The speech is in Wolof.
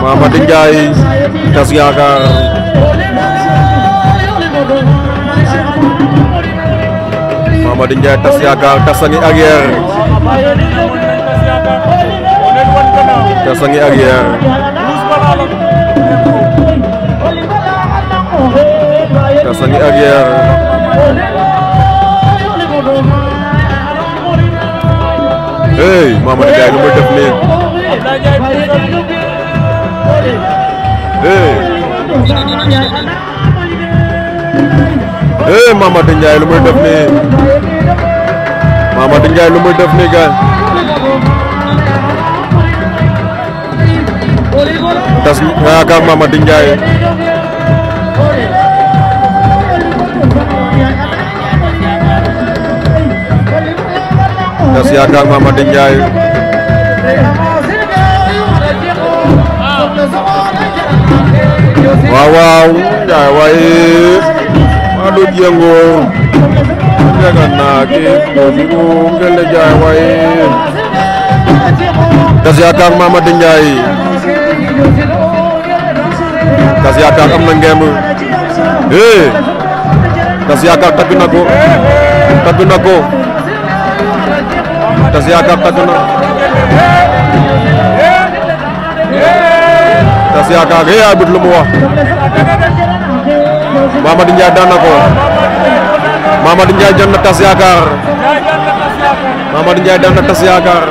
Muhammad Ndiaye tas yaakaar Muhammad Ndiaye tas yaakaar tasangi agir, tasangi arrière tasangi arrière Hey, Muhammad Ndiaye lu muy def nii eh Mamadou Ndiaye lu muy def nii Mamadou lu muy def gaay tas nga yaakaar Mamadou Ndiaye tas waaw waaw Ndiaye waaye maa doon yëngoo tegal naa kii Ndiaye Ndeye Ndiaye waaye Tass Yakar Mamady Ndiaye Tass Yakar am na ngemb eh Tass Yakar takk na ko na. yaakaar nga yaay bët lu mu wax Mamadou Ndiaye daan na ko Mamadou Ndiaye jot daan na tas yaakaar